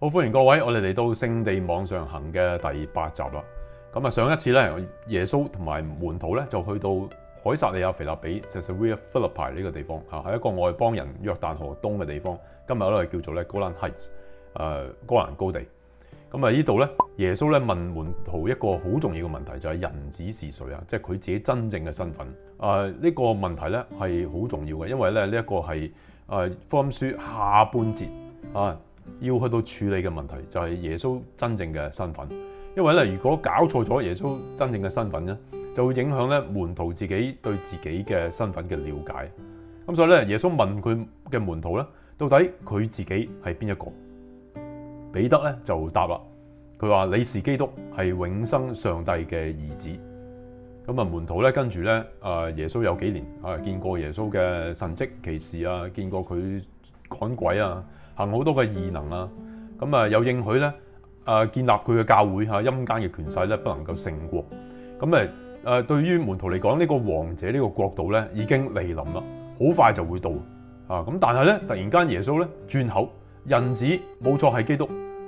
好歡迎各位，我哋嚟到聖地網上行嘅第八集啦。咁啊，上一次咧，耶穌同埋門徒咧就去到凱撒利亞肥立比 c a e s a r e r Philippi） 呢個地方啊，係一個外邦人約旦河東嘅地方。今日咧係叫做咧高，呃，蘭高地。咁啊，呢度咧耶穌咧問門徒一個好重要嘅問題，就係，是，人子是誰啊？即係佢自己真正嘅身份。誒，呃，呢，這個問題咧係好重要嘅，因為咧呢一個係誒福音書下半節啊。呃要去到處理嘅問題就係耶穌真正嘅身份，因為咧如果搞錯咗耶穌真正嘅身份咧，就會影響咧門徒自己對自己嘅身份嘅了解。咁所以咧，耶穌問佢嘅門徒咧，到底佢自己係邊一個？彼得咧就答啦，佢話你是基督，係永生上帝嘅兒子。咁啊，門徒咧跟住咧，啊耶穌有幾年啊見過耶穌嘅神蹟奇事啊，見過佢趕鬼啊。行好多嘅異能啦，咁啊有應許咧，誒建立佢嘅教會嚇，陰間嘅權勢咧不能夠勝過，咁誒誒對於門徒嚟講呢個王者呢個國度咧已經嚟臨啦，好快就會到啊！咁但係咧突然間耶穌咧轉口，人子冇錯係基督，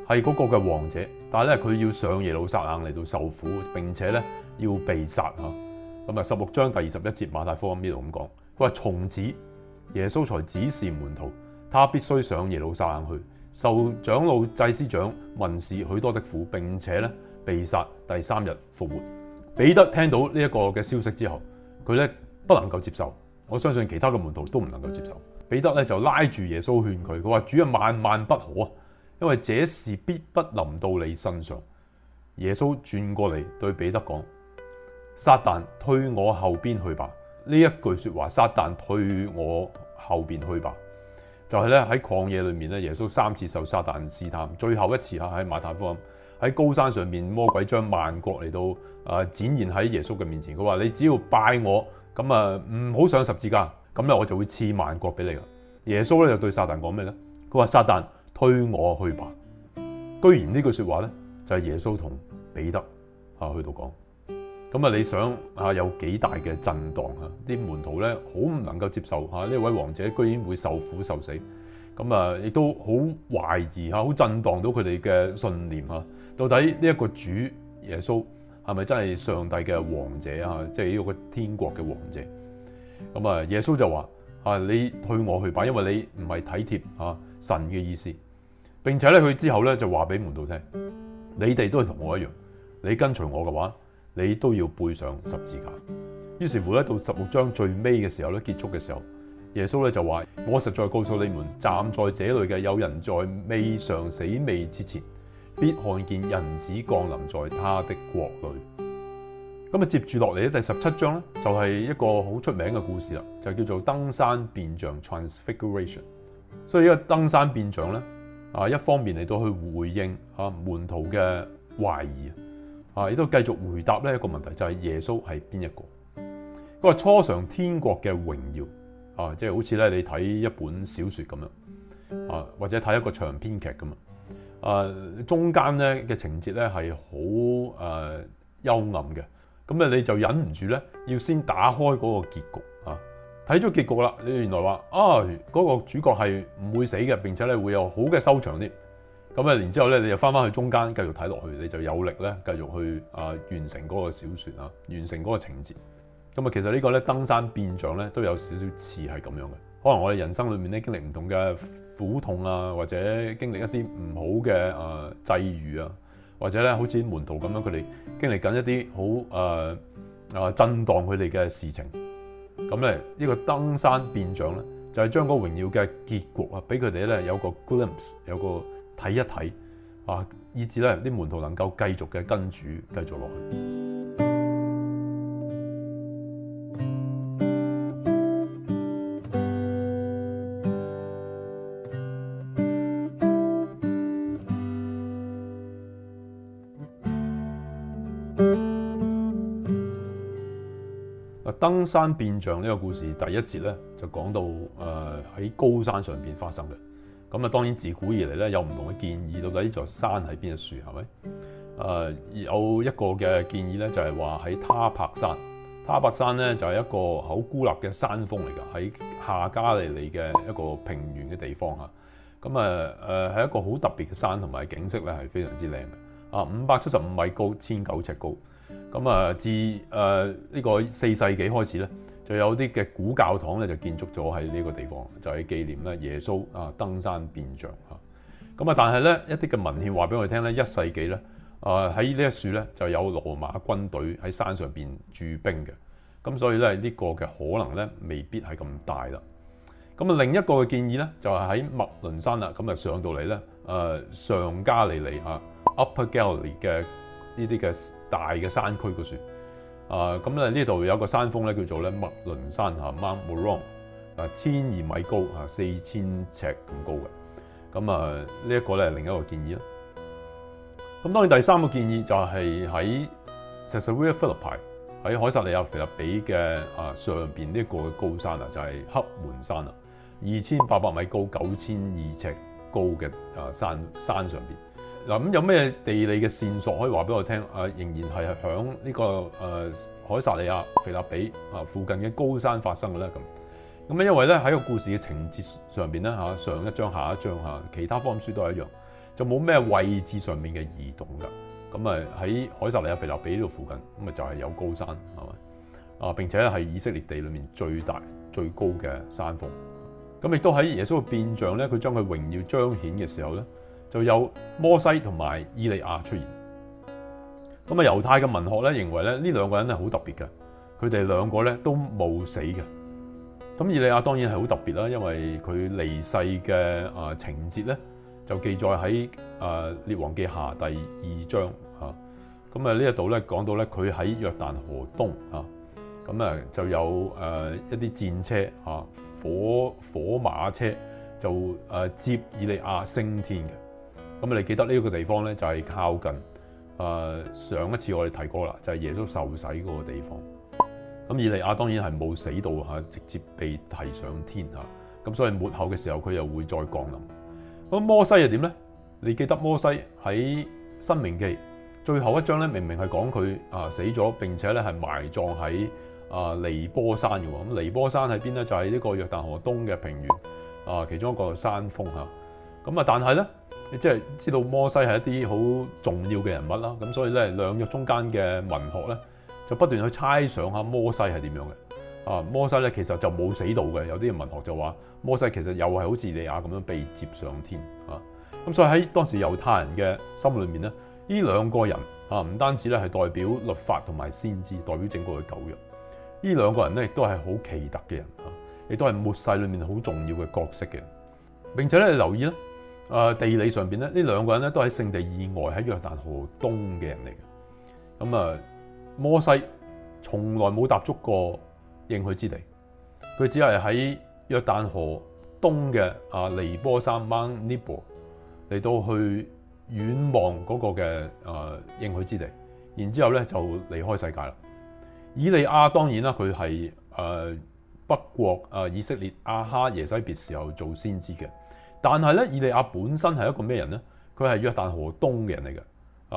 係嗰個嘅王者，但係咧佢要上耶路撒冷嚟到受苦並且咧要被殺嚇，咁啊十六章第二十一節馬太福音呢度咁講，佢話從此耶穌才指示門徒。他必須上耶路撒冷去，受長老、祭司長、文士許多的苦，並且咧被殺，第三日復活。彼得聽到呢一個嘅消息之後，佢咧不能夠接受。我相信其他嘅門徒都唔能夠接受。嗯、彼得咧就拉住耶穌勸佢，佢話主啊，萬萬不可啊，因為這事必不臨到你身上。耶穌轉過嚟對彼得講：撒旦退我後邊去吧。呢一句說話，撒旦退我後邊去吧。.就係咧喺曠野裏面咧，耶穌三次受撒旦試探，最後一次啊喺馬太福音喺高山上面，魔鬼將萬國嚟到啊、呃、展現喺耶穌嘅面前。佢話你只要拜我，咁啊唔好上十字架，咁咧我就會賜萬國俾你。耶穌咧就對撒旦講咩咧？佢話撒旦，推我去吧。居然這句呢句說話咧就係、是、耶穌同彼得啊去到講。咁啊！你想啊，有幾大嘅震盪啊？啲門徒咧，好唔能夠接受啊！呢位王者居然會受苦受死，咁啊，亦都好懷疑嚇，好震盪到佢哋嘅信念啊！到底呢一個主耶穌係咪真係上帝嘅王者啊？即係呢個天國嘅王者咁啊？耶穌就話：啊，你退我去吧，因為你唔係體貼啊神嘅意思。並且咧，佢之後咧就話俾門徒聽：你哋都係同我一樣，你跟隨我嘅話。你都要背上十字架，於是乎咧到十六章最尾嘅時候咧結束嘅時候，耶穌咧就話：我實在告訴你們，站在這裡嘅有人在未嘗死未之前，必看見人子降臨在他的國裡。咁啊，接住落嚟咧第十七章咧就係一個好出名嘅故事啦，就叫做登山變像 Transfiguration。所以呢個登山變像咧啊，一方面嚟到去回應啊門徒嘅懷疑。啊！亦都繼續回答咧一個問題，就係、是、耶穌係邊一個？佢話初上天國嘅榮耀啊，即係好似咧你睇一本小説咁樣啊，或者睇一個長篇劇咁啊。中間咧嘅情節咧係好誒幽暗嘅，咁咧你就忍唔住咧要先打開嗰個結局啊。睇咗結局啦，你原來話啊嗰個主角係唔會死嘅，並且咧會有好嘅收場添。咁啊，然之後咧，你就翻翻去中間繼續睇落去，你就有力咧繼續去啊完成嗰個小説啊，完成嗰個，個情節。咁啊，其實呢、這個咧登山變像咧都有少少似係咁樣嘅。可能我哋人生裡面咧經歷唔同嘅苦痛啊，或者經歷一啲唔好嘅啊際遇啊，或者咧好似門徒咁樣，佢哋經歷緊一啲好誒啊震盪佢哋嘅事情。咁咧，呢、這個登山變像咧就係將嗰榮耀嘅結局啊，俾佢哋咧有個 glimpse 有個。睇一睇，啊，以至咧啲門徒能夠繼續嘅跟住繼續落去。啊，登山變像呢個故事第一節咧，就講到誒喺高山上邊發生嘅。咁啊，當然自古以嚟咧，有唔同嘅建議。到底呢座山喺邊嘅樹係咪？誒有一個嘅建議咧，就係話喺塔柏山。塔柏山咧就係一個好孤立嘅山峰嚟㗎，喺夏加利利嘅一個平原嘅地方嚇。咁啊，誒係一個好特別嘅山同埋景色咧，係非常之靚嘅。啊，五百七十五米高，千九尺高。咁啊，自誒呢個四世紀開始咧。就有啲嘅古教堂咧就建築咗喺呢個地方，就係紀念咧耶穌啊登山變像嚇。咁啊，但係咧一啲嘅文獻話俾我聽咧，一世紀咧啊喺呢一處咧就有羅馬軍隊喺山上邊駐兵嘅。咁所以咧呢個嘅可能咧未必係咁大啦。咁啊另一個嘅建議咧就係喺麥倫山啦。咁啊上到嚟咧誒上加利利嚇 Upper Galilee 嘅呢啲嘅大嘅山區嘅雪。啊，咁咧呢度有一個山峰，咧，叫做咧麥倫山嚇 Mount Meron，啊千二米高，四千尺咁高嘅。咁啊呢一個咧，係另一個建議啦。咁當然第三個建議就係喺西薩利亞菲律比，喺海薩利亞菲律比嘅啊上面。呢個高山啊，就係黑門山，二千八百米高，九千二尺高嘅啊山，山上邊。嗱咁有咩地理嘅線索可以話俾我聽？啊，仍然係喺呢個誒凱、啊、撒利亞、腓立比啊附近嘅高山發生啦咁。咁啊，因為咧喺個故事嘅情節上邊咧嚇，上一章下一章嚇、啊，其他福音書都係一樣，就冇咩位置上面嘅移動㗎。咁啊喺凱撒利亞、腓立比呢度附近，咁啊就係、是、有高山係咪？啊，並且咧係以色列地裏面最大最高嘅山峰。咁、啊、亦都喺耶穌嘅變像咧，佢將佢榮耀彰顯嘅時候咧。就有摩西同埋以利亞出現。咁啊，猶太嘅文學咧認為咧呢兩個人係好特別嘅，佢哋兩個咧都冇死嘅。咁以利亞當然係好特別啦，因為佢離世嘅啊情節咧就記載喺啊列王記下第二章嚇。咁啊呢一度咧講到咧佢喺約旦河東，咁啊就有誒一啲戰車火火馬車就誒接以利亞升天嘅。咁你記得呢個地方咧，就係靠近誒上一次我哋提過啦，就係耶穌受洗嗰個地方。咁以利亞當然係冇死到嚇，直接被提上天嚇。咁所以末後嘅時候佢又會再降臨。咁摩西又點咧？你記得摩西喺《申命記》最後一章咧，明明係講佢啊死咗，並且咧係埋葬喺啊尼波山嘅喎。咁尼波山喺邊咧？就係呢個約旦河東嘅平原啊，其中一個山峰嚇。咁啊，但係咧，你即係知道摩西係一啲好重要嘅人物啦。咁所以咧，兩約中間嘅文學咧，就不斷去猜想下摩西係點樣嘅。啊，摩西咧其實就冇死到嘅，有啲文學就話摩西其實又係好似以利亞咁樣被接上天啊。咁所以喺當時猶太人嘅心裏面咧，呢兩個人啊，唔單止咧係代表律法同埋先知，代表整個嘅舊約。呢兩個人咧亦都係好奇特嘅人啊，亦都係末世裏面好重要嘅角色嘅。並且咧留意啦。誒地理上邊咧，呢兩個人咧都喺聖地以外，喺約旦河東嘅人嚟嘅。咁啊，摩西從來冇踏足過應許之地，佢只係喺約旦河東嘅啊尼波山 （Mount 嚟到去遠望嗰個嘅誒、呃、應許之地，然之後咧就離開世界啦。以利亞當然啦，佢係誒北國啊、呃、以色列阿哈耶西別時候做先知嘅。但係咧，以利亞本身係一個咩人咧？佢係約旦河東嘅人嚟嘅，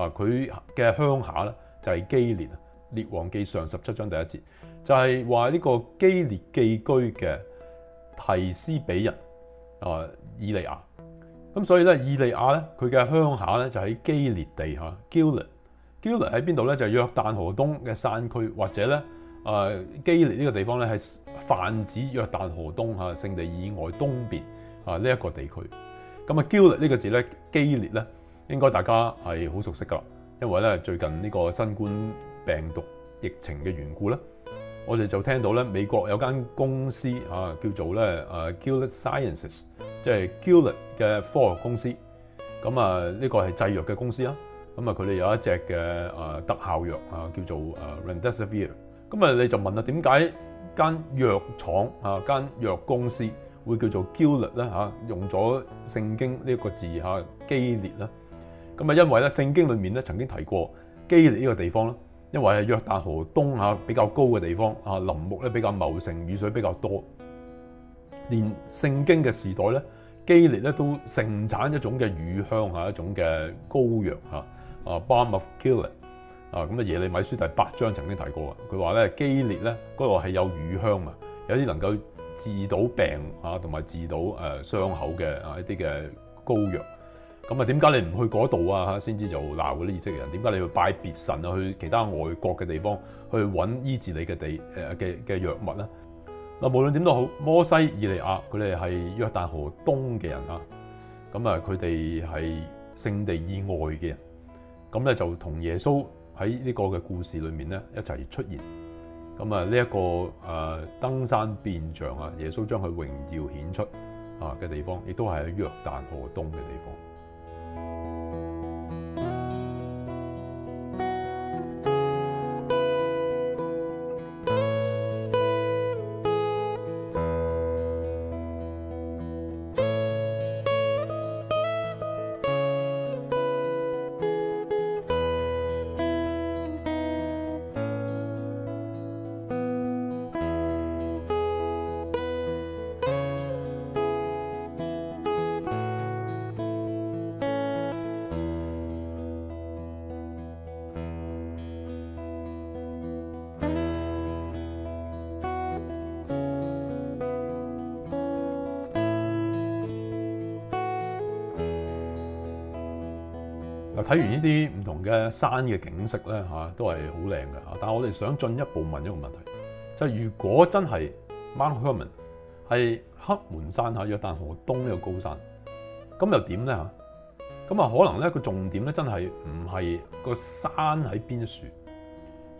啊，佢嘅鄉下咧就係基列啊，《列王記》上十七章第一節就係話呢個基列寄居嘅提斯比人啊，以利亞。咁所以咧，以利亞咧佢嘅鄉下咧就喺基列地嚇，Gilead。Gilead 喺邊度咧？就係、是、約旦河東嘅山區，或者咧啊基列呢個地方咧係泛指約旦河東嚇聖地以外東邊。啊！呢、這、一個地區，咁啊，Gilead 呢個字咧，激烈咧，應該大家係好熟悉噶，因為咧最近呢個新冠病毒疫情嘅緣故咧，我哋就聽到咧美國有間公司啊，叫做咧啊 Gilead Sciences，即係 Gilead 嘅科學公司，咁啊呢、這個係製藥嘅公司啦，咁啊佢哋有一隻嘅、啊、特效藥啊叫做 Remdesivir，咁啊你就問啦，點解間藥廠啊間藥公司？會叫做基列咧嚇，用咗《聖經》呢一個字嚇基列啦。咁啊，因為咧《聖經》裡面咧曾經提過基列呢個地方啦，因為係約旦河東嚇比較高嘅地方啊，林木咧比較茂盛，雨水比較多。連《聖經》嘅時代咧，基列咧都盛產一種嘅乳香嚇，一種嘅膏藥嚇啊 balm of Gilead 啊，咁啊《耶利米書》第八章曾經提過啊，佢話咧基列咧嗰度係有乳香啊，有啲能夠治到病嚇，同埋治到誒傷口嘅啊一啲嘅膏藥。咁啊，點解你唔去嗰度啊？先至就鬧嗰啲以色列人。點解你要拜別神啊？去其他外國嘅地方去揾醫治你嘅地誒嘅嘅藥物咧？嗱，無論點都好，摩西、以利亞佢哋係約旦河東嘅人啊。咁啊，佢哋係聖地以外嘅人。咁咧就同耶穌喺呢個嘅故事裏面咧一齊出現。咁啊，呢一個登山變像啊，耶穌將佢榮耀顯出啊嘅地方，亦都係喺約旦河東嘅地方。睇完呢啲唔同嘅山嘅景色咧，吓都係好靚嘅嚇。但係我哋想進一步問一個問題，就係如果真係 Mount Hermon 係黑門山下約旦河東呢個高山，咁又點咧嚇？咁啊，可能咧個重點咧真係唔係個山喺邊處，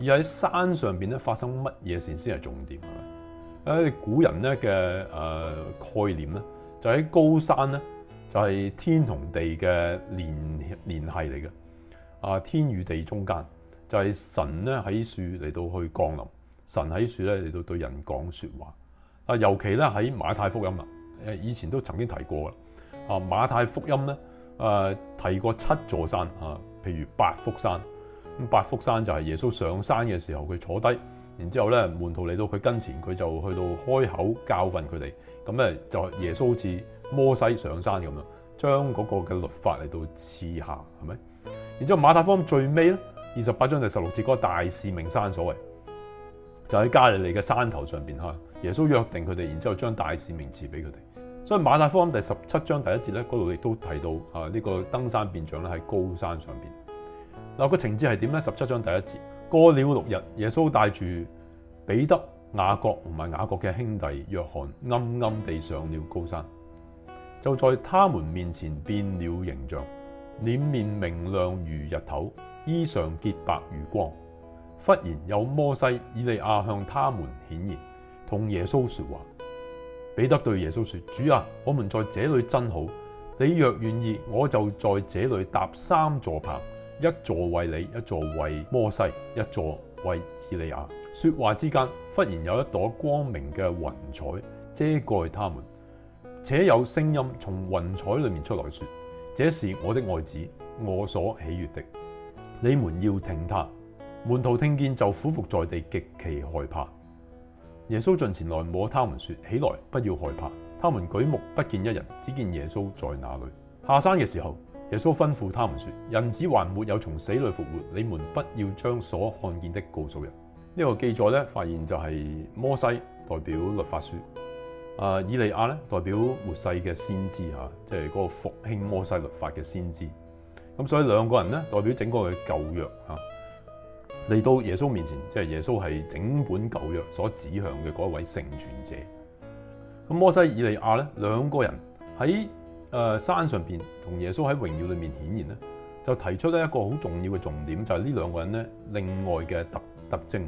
而係山上邊咧發生乜嘢事先係重點。喺古人咧嘅誒概念咧，就喺高山咧。就係天同地嘅連連係嚟嘅，啊，天與地中間就係、是、神咧喺樹嚟到去降臨，神喺樹咧嚟到對人講說話。啊，尤其咧喺馬太福音啦，誒以前都曾經提過啦。啊，馬太福音咧，誒提過七座山啊，譬如八福山，咁八福山就係耶穌上山嘅時候佢坐低，然之後咧門徒嚟到佢跟前，佢就去到開口教訓佢哋，咁咧就係耶穌好似。摩西上山咁啦，將嗰個嘅律法嚟到賜下，係咪？然之後馬太福音最尾咧，二十八章第十六節嗰個大使命山，所謂就喺加利利嘅山頭上邊吓。耶穌約定佢哋，然之後將大使命賜俾佢哋。所以馬太福音第十七章第一節咧，嗰度亦都提到吓呢個登山變像咧喺高山上邊嗱，嗰個情節係點咧？十七章第一節，過了六日，耶穌帶住彼得、雅各同埋雅各嘅兄弟約翰，暗暗地上了高山。就在他們面前變了形象，臉面明亮如日頭，衣裳潔白如光。忽然有摩西、以利亞向他們顯現，同耶穌說話。彼得對耶穌說：主啊，我們在這裡真好。你若願意，我就在這裡搭三座棚，一座為你，一座為摩西，一座為以利亞。說話之間，忽然有一朵光明嘅雲彩遮蓋他們。且有聲音從雲彩裏面出來說：這是我的愛子，我所喜悅的，你們要聽他。門徒聽見就俯伏在地，極其害怕。耶穌進前來摸他們說：起來，不要害怕。他們舉目不見一人，只見耶穌在那裏。下山嘅時候，耶穌吩咐他們說：人子還沒有從死裏復活，你們不要將所看見的告訴人。呢、這個記載咧，發現就係摩西代表律法書。啊，以利亞咧代表末世嘅先知嚇，即係嗰個復興摩西律法嘅先知。咁所以兩個人咧代表整個嘅舊約嚇，嚟到耶穌面前，即係耶穌係整本舊約所指向嘅嗰一位成全者。咁摩西、以利亞咧兩個人喺誒山上邊同耶穌喺榮耀裏面顯現咧，就提出咧一個好重要嘅重點，就係呢兩個人咧另外嘅特特徵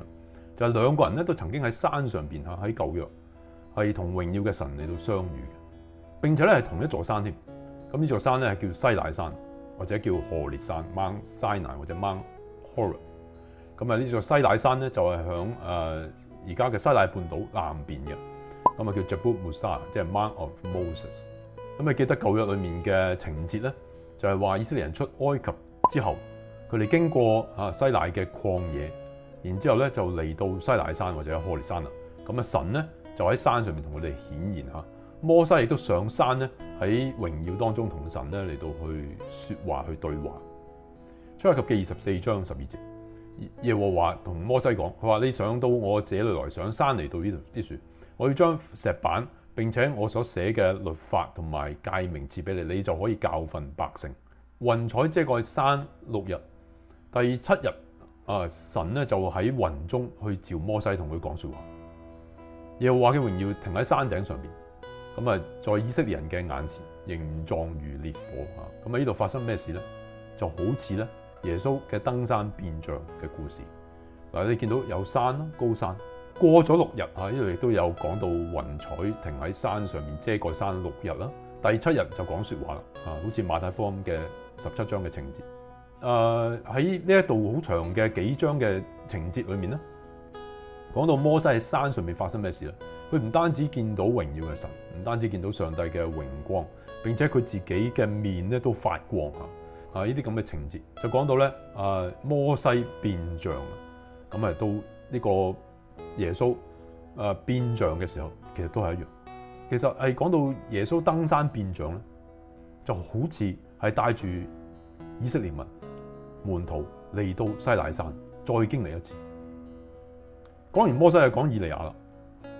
就係兩個人咧都曾經喺山上邊嚇，喺舊約，係同榮耀嘅神嚟到相遇嘅，並且咧係同一座山添。咁呢座山咧係叫西奈山，或者叫何烈山 （Mount Sinai） 或者 Mount Horeb）。咁啊，呢座西奈山咧就係響誒而家嘅西奈半島南邊嘅。咁啊，叫 Jebel Musa，即係 Mount of Moses。咁啊，記得舊約裡面嘅情節咧，就係、是、話以色列人出埃及之後，佢哋經過啊西奈嘅曠野，然之後咧就嚟到西奈山或者何烈山啦。咁啊，神咧～就喺山上面同佢哋顯現嚇，摩西亦都上山咧喺榮耀當中同神咧嚟到去説話去對話。出埃及記二十四章十二節，耶和華同摩西講：佢話你上到我這裏來，上山嚟到呢度啲樹，我要將石板並且我所寫嘅律法同埋誡命賜俾你，你就可以教訓百姓。雲彩遮蓋山六日，第七日啊神咧就喺雲中去召摩西同佢講説話。耶和華嘅榮耀停喺山頂上邊，咁啊，在以色列人嘅眼前，形狀如烈火嚇。咁啊，呢度發生咩事咧？就好似咧，耶穌嘅登山變像嘅故事嗱。你見到有山咯，高山過咗六日嚇，呢度亦都有講到雲彩停喺山上面遮蓋山六日啦。第七日就講說話啦，啊，好似馬太福音嘅十七章嘅情節。誒、呃，喺呢一度好長嘅幾章嘅情節裏面咧。講到摩西喺山上面發生咩事啦？佢唔單止見到榮耀嘅神，唔單止見到上帝嘅榮光，並且佢自己嘅面咧都發光嚇。啊，呢啲咁嘅情節就講到咧，啊摩西變像，咁啊到呢個耶穌啊變像嘅時候，其實都係一樣。其實係講到耶穌登山變像咧，就好似係帶住以色列民門徒嚟到西奈山，再經歷一次。講完摩西就講以利亞啦，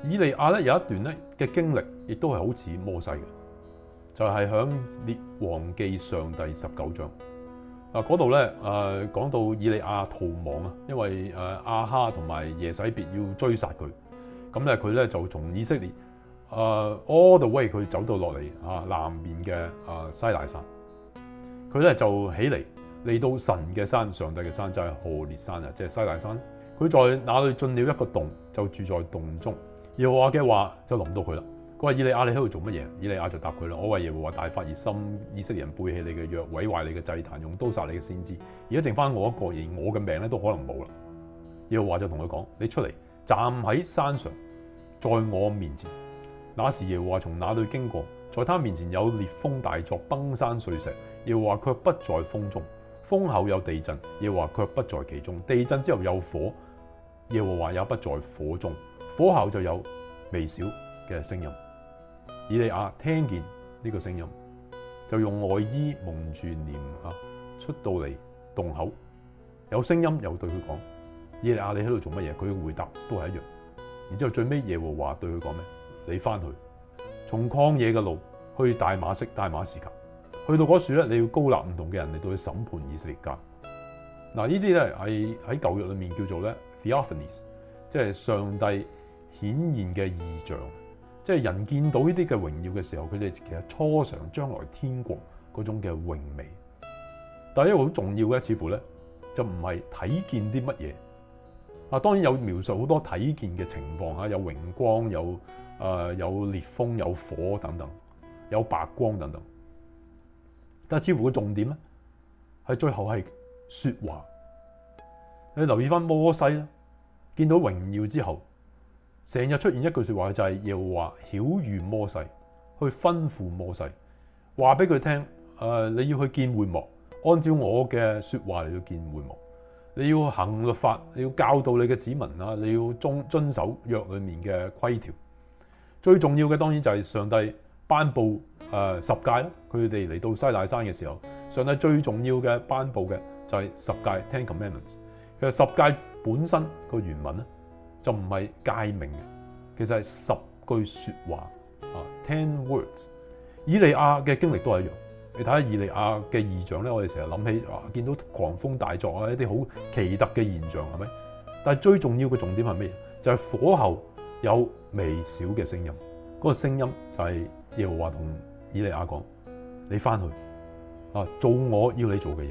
以利亞咧有一段咧嘅經歷，亦都係好似摩西嘅，就係、是、喺列王記上第十九章嗱嗰度咧，誒、啊、講、啊、到以利亞逃亡啊，因為誒亞、啊、哈同埋耶洗別要追殺佢，咁咧佢咧就從以色列誒、啊、all the way 佢走到落嚟啊南面嘅啊西大山，佢咧就起嚟嚟到神嘅山上帝嘅山就係、是、何烈山啊，即係西大山。佢在那裏進了一個洞，就住在洞中。耶和華嘅話就臨到佢啦。佢話：以利亞你喺度做乜嘢？以利亞就答佢啦：我為耶和華大發熱心，以色列人背棄你嘅約，毀壞你嘅祭壇，用刀殺你嘅先知，而家剩返我一個，連我嘅命咧都可能冇啦。耶和華就同佢講：你出嚟站喺山上，在我面前。那時耶和華從那裏經過，在他面前有烈風大作，崩山碎石。耶和華卻不在風中，風口有地震，耶和華卻不在其中。地震之後有火。耶和華也不在火中，火後就有微小嘅聲音。以利亞聽見呢個聲音，就用外衣蒙住臉吓出到嚟洞口。有聲音又對佢講：以利亞你喺度做乜嘢？佢嘅回答都係一樣。然之後最尾耶和華對佢講咩？你翻去從曠野嘅路去大馬色。大馬士革，去到嗰處咧，你要膏立唔同嘅人嚟到去審判以色列家。嗱，呢啲咧係喺舊約裏面叫做咧。即係上帝顯現嘅異象，即係人見到呢啲嘅榮耀嘅時候，佢哋其實初嘗將來天國嗰種嘅榮美。但係一個好重要嘅，似乎咧就唔係睇見啲乜嘢啊！當然有描述好多睇見嘅情況啊，有榮光，有啊有烈風，有火等等，有白光等等。但係似乎個重點咧係最後係說話。你留意翻摩西啦。見到榮耀之後，成日出現一句說話就係，又話曉諭摩西，去吩咐摩西，話俾佢聽，誒、呃、你要去見會幕，按照我嘅說話嚟到見會幕，你要行律法，你要教導你嘅子民啊，你要遵遵守約裏面嘅規條。最重要嘅當然就係上帝頒布誒、呃、十戒，佢哋嚟到西奈山嘅時候，上帝最重要嘅頒布嘅就係十戒，Ten Commandments。其實十戒。十本身個原文咧就唔係誡命嘅，其實係十句說話啊。Ten words。以利亞嘅經歷都係一樣，你睇下以利亞嘅異象咧，我哋成日諗起啊，見到狂風大作啊，一啲好奇特嘅現象係咪？但係最重要嘅重點係咩？就係火後有微小嘅聲音，嗰個聲音就係耶和華同以利亞講，你翻去啊，做我要你做嘅嘢。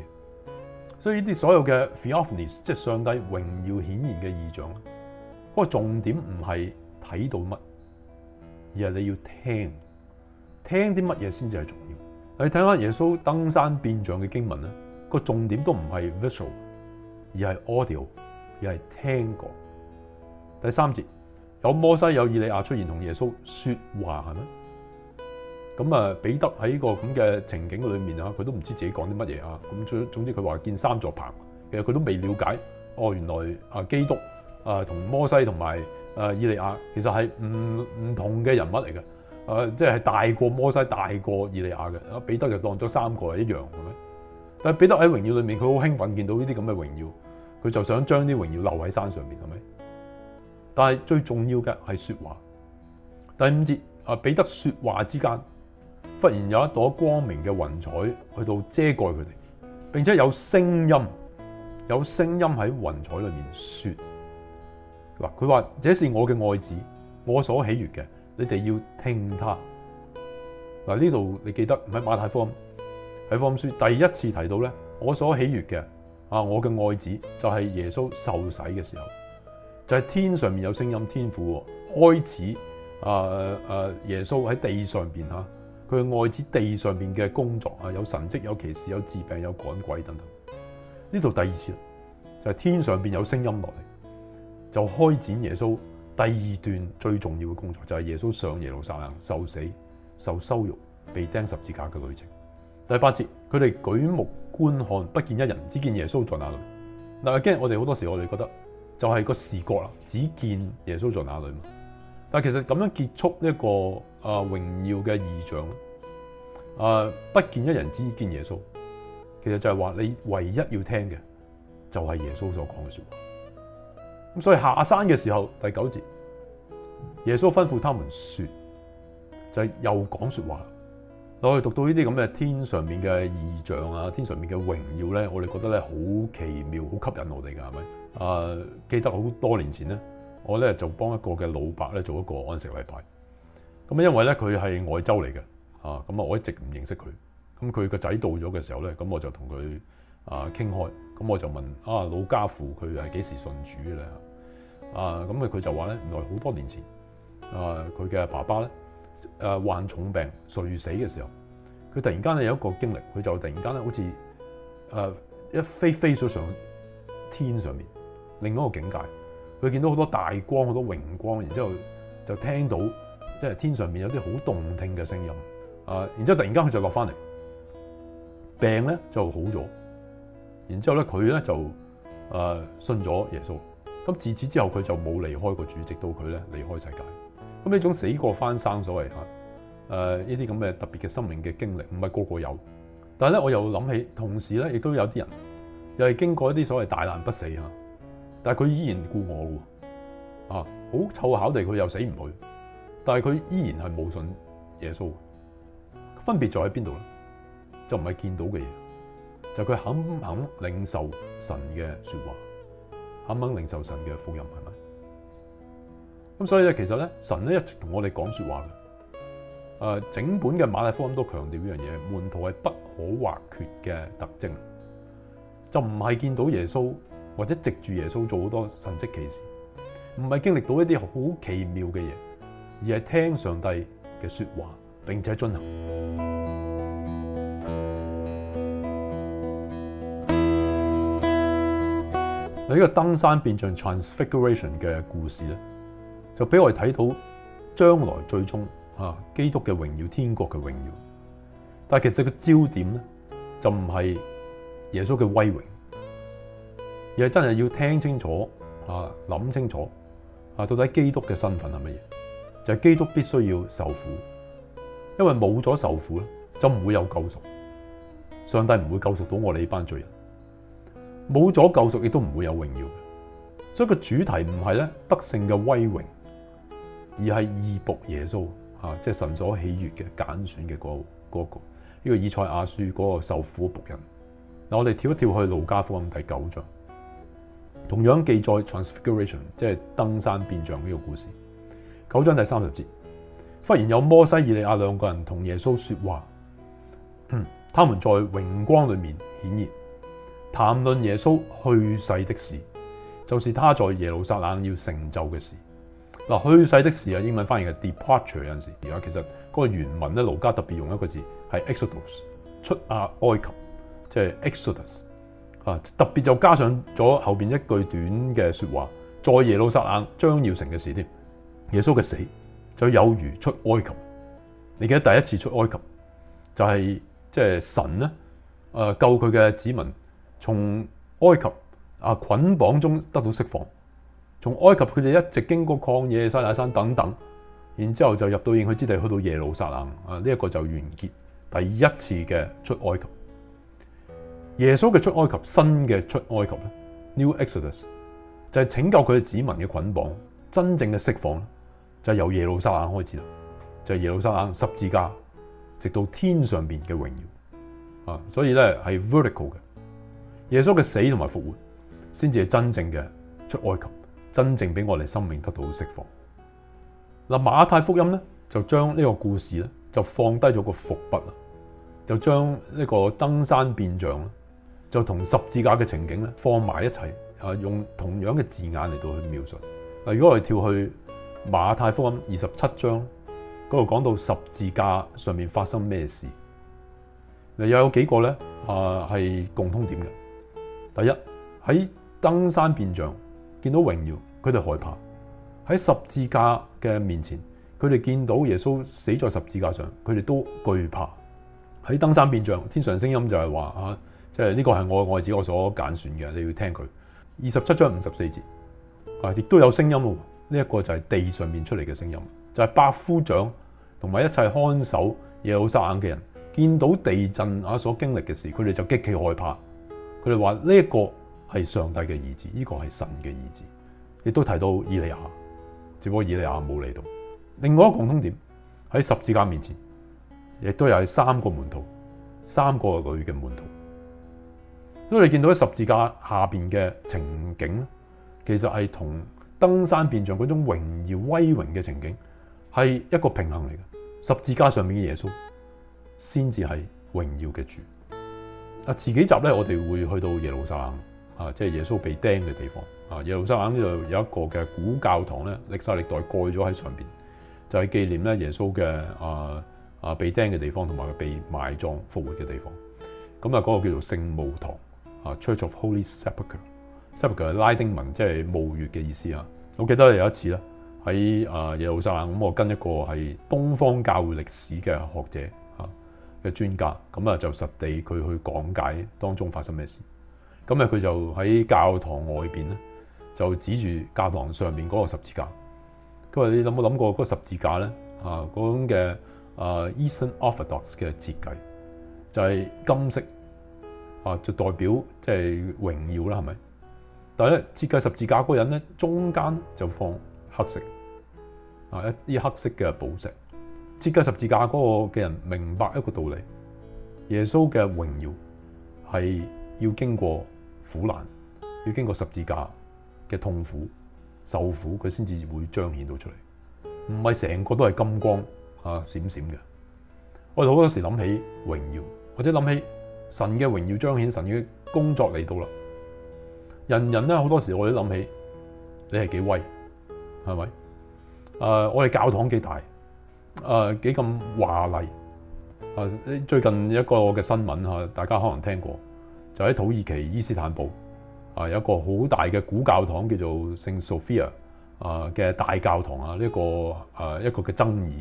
所以呢啲所有嘅 Theophanies，即係上帝榮耀顯現嘅異象，嗰個重點唔係睇到乜，而係你要聽聽啲乜嘢先至係重要。你睇下耶穌登山變像嘅經文咧，嗰個重點都唔係 visual，而係 audio，而係聽覺。第三節有摩西有以利亞出現同耶穌說話，係咩？咁啊，彼得喺呢個咁嘅情景裏面啊，佢都唔知自己講啲乜嘢啊。咁總之佢話見三座棚，其實佢都未了解哦。原來啊，基督啊，同摩西同埋啊，以利亞，其實係唔唔同嘅人物嚟嘅。誒，即係係大過摩西，大過以利亞嘅。彼得就當咗三個一樣，係咪？但係彼得喺榮耀裏面，佢好興奮，見到呢啲咁嘅榮耀，佢就想將啲榮耀留喺山上面。係咪？但係最重要嘅係說話。第五節啊，彼得說話之間。忽然有一朵光明嘅雲彩去到遮蓋佢哋，並且有聲音，有聲音喺雲彩裏面說：嗱，佢話：這是我嘅愛子，我所喜悅嘅，你哋要聽他嗱。呢度你記得唔係馬太福音，係《福音書》第一次提到咧，我所喜悅嘅啊，我嘅愛子就係、是、耶穌受洗嘅時候，就係、是、天上面有聲音，天父開始啊啊，耶穌喺地上邊嚇。佢係外接地上邊嘅工作啊，有神蹟，有奇事，有治病，有趕鬼等等。呢度第二次就係、是、天上邊有聲音落嚟，就開展耶穌第二段最重要嘅工作，就係、是、耶穌上耶路撒冷受死、受羞辱、被釘十字架嘅旅程。第八節，佢哋舉目觀看，不見一人，只見耶穌在那裏。嗱，驚我哋好多時，我哋覺得就係個視覺啦，只見耶穌在那裏嘛。但係其實咁樣結束一個啊榮耀嘅異象，不見一人只見耶穌，其實就係話你唯一要聽嘅就係耶穌所講嘅說話。咁所以下山嘅時候第九節，耶穌吩咐他們說，就係、是、又講說話。我哋讀到呢啲咁嘅天上面嘅異象啊，天上面嘅榮耀咧，我哋覺得咧好奇妙，好吸引我哋噶係咪？啊記得好多年前咧。我咧就幫一個嘅老伯咧做一個安息禮拜，咁啊因為咧佢係外州嚟嘅，啊咁啊我一直唔認識佢，咁佢個仔到咗嘅時候咧，咁我就同佢啊傾開，咁我就問啊老家父佢係幾時信主嘅咧？啊咁啊佢就話咧，原來好多年前，啊佢嘅爸爸咧，誒患重病垂死嘅時候，佢突然間係有一個經歷，佢就突然間咧好似誒一飛飛咗上天上面，另一個境界。佢見到好多大光，好多榮光，然之後就聽到即係天上面有啲好動聽嘅聲音，啊！然之後突然間佢就落翻嚟，病咧就好咗，然之後咧佢咧就誒信咗耶穌。咁自此之後佢就冇離開過主，直到佢咧離開世界。咁呢種死過翻生，所謂嚇誒呢啲咁嘅特別嘅生命嘅經歷，唔係個個有。但係咧我又諗起，同時咧亦都有啲人又係經過一啲所謂大難不死嚇。但係佢依然顧我喎，啊，好湊巧地佢又死唔去，但係佢依然係冇信耶穌。分別在喺邊度咧？就唔係見到嘅嘢，就佢、是、肯肯領受神嘅説話，肯肯領受神嘅福音係咪？咁所以咧，其實咧，神咧一直同我哋講説話嘅。誒，整本嘅馬太福音都強調一樣嘢，門徒係不可或缺嘅特徵，就唔係見到耶穌，或者藉住耶穌做好多神蹟奇事，唔係經歷到一啲好奇妙嘅嘢，而係聽上帝嘅説話並且進行。呢個登山變像 transfiguration 嘅故事咧，就俾我哋睇到將來最終啊，基督嘅榮耀、天國嘅榮耀。但係其實個焦點咧，就唔係耶穌嘅威榮。而係真係要聽清楚啊，諗清楚啊，到底基督嘅身份係乜嘢？就係、是、基督必須要受苦，因為冇咗受苦咧，就唔會有救贖。上帝唔會救贖到我哋呢班罪人，冇咗救贖亦都唔會有榮耀。所以個主題唔係咧德性嘅威榮，而係義僕耶穌啊，即係神所喜悅嘅揀選嘅嗰個呢、呢個以賽亞書嗰個受苦僕人。嗱，我哋跳一跳去路加福音第九章。同樣記載 transfiguration，即係登山變像呢個故事。九章第三十節，忽然有摩西、以利亞兩個人同耶穌說話，他們在榮光裏面顯現，談論耶穌去世的事，就是他在耶路撒冷要成就嘅事。嗱，去世的事啊，英文翻譯係 departure 有陣時而家其實嗰個原文咧，路加特別用一個字係 exodus 出阿埃及，即係 exodus。啊！特別就加上咗後邊一句短嘅説話，在耶路撒冷將要成嘅事添。耶穌嘅死就有如出埃及。你記得第一次出埃及就係即係神咧，誒救佢嘅子民從埃及啊捆綁中得到釋放。從埃及佢哋一直經過曠野、西乃山等等，然之後就入到應許之地，去到耶路撒冷啊！呢、這、一個就完結第一次嘅出埃及。耶穌嘅出埃及，新嘅出埃及咧，New Exodus 就係拯救佢嘅子民嘅捆綁，真正嘅釋放咧就係由耶路撒冷開始啦，就係耶路撒冷十字架，直到天上邊嘅榮耀啊！所以咧係 vertical 嘅，耶穌嘅死同埋復活先至係真正嘅出埃及，真正俾我哋生命得到釋放。嗱，馬太福音咧就將呢個故事咧就放低咗個伏筆啦，就將呢個登山變像啦。就同十字架嘅情景咧放埋一齊啊，用同樣嘅字眼嚟到去描述。啊，如果我哋跳去馬太福音二十七章嗰度，講到十字架上面發生咩事？又有幾個咧啊，係共通點嘅。第一，喺登山變像見到榮耀，佢哋害怕；喺十字架嘅面前，佢哋見到耶穌死在十字架上，佢哋都懼怕。喺登山變像，天上聲音就係話啊。即係呢個係我嘅愛子我所揀選嘅，你要聽佢。二十七章五十四節啊，亦都有聲音喎。呢、這、一個就係地上面出嚟嘅聲音，就係百夫長同埋一切看守嘢好沙眼嘅人見到，見到地震啊所經歷嘅事，佢哋就極其害怕。佢哋話呢一個係上帝嘅意志，呢、這個係神嘅意志，亦都提到以利亞。只不過以利亞冇嚟到。另外一個共通點，喺十字架面前，亦都有三個門徒，三個女嘅門徒。因為你見到十字架下邊嘅情景，其實係同登山變像嗰種榮耀威榮嘅情景係一個平衡嚟嘅。十字架上面嘅耶穌先至係榮耀嘅主。啊，前幾集咧，我哋會去到耶路撒冷啊，即係耶穌被釘嘅地方啊。耶路撒冷呢度有一個嘅古教堂咧，歷世歷代蓋咗喺上邊，就係紀念咧耶穌嘅啊啊被釘嘅地方，同埋佢被埋葬復活嘅地方。咁啊，嗰個叫做聖墓堂。啊，Church of Holy Sepulchre，Sepulchre 係拉丁文，即係墓穴嘅意思啊！我記得有一次咧，喺啊耶路撒冷，咁我跟一個係東方教會歷史嘅學者嚇嘅專家，咁啊就實地佢去講解當中發生咩事。咁啊佢就喺教堂外邊咧，就指住教堂上面嗰、那個十字架。佢話、e：「你諗冇諗過嗰個十字架咧啊？嗰種嘅啊 Eastern Orthodox 嘅設計就係、是、金色啊，就代表。即係榮耀啦，係咪？但係咧，設計十字架嗰個人咧，中間就放黑色啊，一啲黑色嘅寶石。設計十字架嗰個嘅人明白一個道理：耶穌嘅榮耀係要經過苦難，要經過十字架嘅痛苦受苦，佢先至會彰顯到出嚟，唔係成個都係金光啊閃閃嘅。我哋好多時諗起榮耀，或者諗起神嘅榮耀彰顯神嘅。工作嚟到啦，人人咧好多時我都諗起你係幾威，係咪？誒、呃，我哋教堂幾大，誒幾咁華麗、呃。最近一個嘅新聞嚇大家可能聽過，就喺土耳其伊斯坦堡啊、呃，有一個好大嘅古教堂叫做聖 Sophia 啊、呃、嘅大教堂啊，呢、這個、呃、一個嘅爭議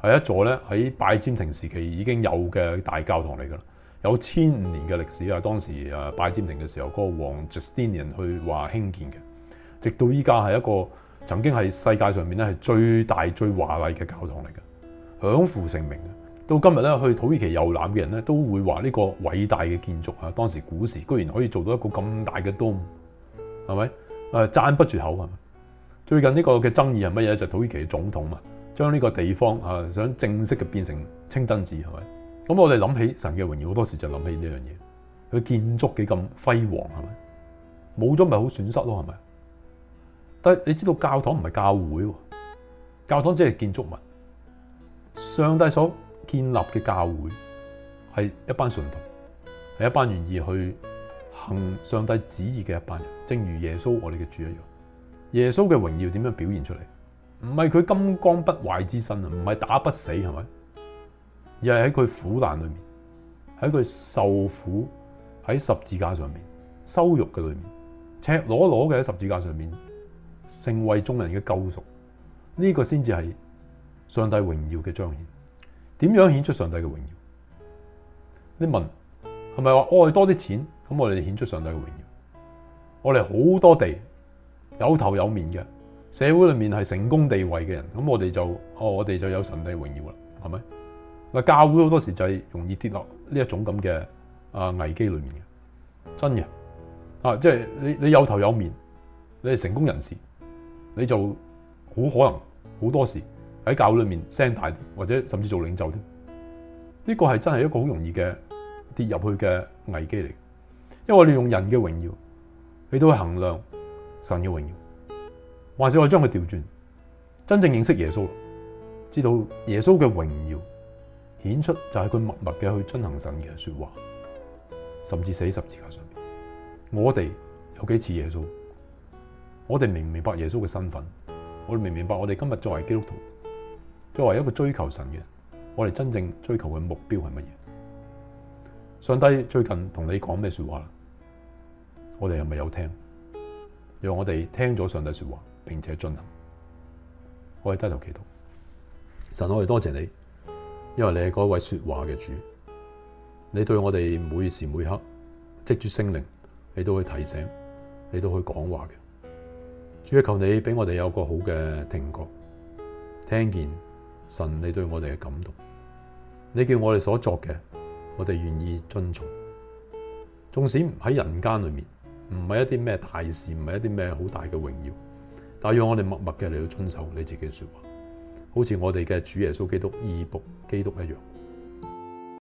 係一座咧喺拜占庭時期已經有嘅大教堂嚟㗎啦。有千五年嘅歷史啊！當時誒拜占庭嘅時候，嗰個王 Justinian 去話興建嘅，直到依家係一個曾經係世界上面咧係最大最華麗嘅教堂嚟嘅，享負盛名。到今日咧去土耳其遊覽嘅人咧都會話呢個偉大嘅建築啊！當時古時居然可以做到一個咁大嘅 dome 係咪？誒讚不絕口啊！最近呢個嘅爭議係乜嘢？就係土耳其嘅總統嘛，將呢個地方啊想正式嘅變成清真寺，係咪？咁我哋諗起神嘅榮耀，好多時就諗起呢樣嘢。佢建築幾咁輝煌係咪？冇咗咪好損失咯係咪？但係你知道教堂唔係教會，教堂只係建築物。上帝所建立嘅教會係一班信徒，係一班願意去行上帝旨意嘅一班人，正如耶穌我哋嘅主一樣。耶穌嘅榮耀點樣表現出嚟？唔係佢金剛不壞之身啊，唔係打不死係咪？亦係喺佢苦難裏面，喺佢受苦喺十字架上面，羞辱嘅裏面，赤裸裸嘅喺十字架上面，成為眾人嘅救贖，呢個先至係上帝榮耀嘅彰顯。點樣顯出上帝嘅榮耀？你問係咪話愛多啲錢咁，那我哋顯出上帝嘅榮耀？我哋好多地有頭有面嘅社會裏面係成功地位嘅人，咁我哋就哦，我哋就有上帝榮耀啦，係咪？嗱，教會好多時就係容易跌落呢一種咁嘅啊危機裏面嘅真嘅啊，即係你你有頭有面，你係成功人士，你就好可能好多時喺教會裏面聲大啲，或者甚至做領袖添，呢個係真係一個好容易嘅跌入去嘅危機嚟，因為你用人嘅榮耀你都到衡量神嘅榮耀，還是我將佢調轉，真正認識耶穌，知道耶穌嘅榮耀。顯出就係佢默默嘅去遵行神嘅說話，甚至死十字架上面，我哋有幾似耶穌？我哋明唔明白耶穌嘅身份？我哋明唔明白我哋今日作為基督徒，作為一個追求神嘅，我哋真正追求嘅目標係乜嘢？上帝最近同你講咩說話啦？我哋係咪有聽？讓我哋聽咗上帝說話，並且進行，我哋低頭祈禱。神，我哋多謝你。因為你係嗰位說話嘅主，你對我哋每時每刻藉住聖靈，你都會提醒，你都會講話嘅。主要求你俾我哋有個好嘅聽覺，聽見神你對我哋嘅感動。你叫我哋所作嘅，我哋願意遵從。縱使喺人間裏面，唔係一啲咩大事，唔係一啲咩好大嘅榮耀，但係要我哋默默嘅嚟到遵守你自己嘅說話，好似我哋嘅主耶穌基督、義僕基督一樣。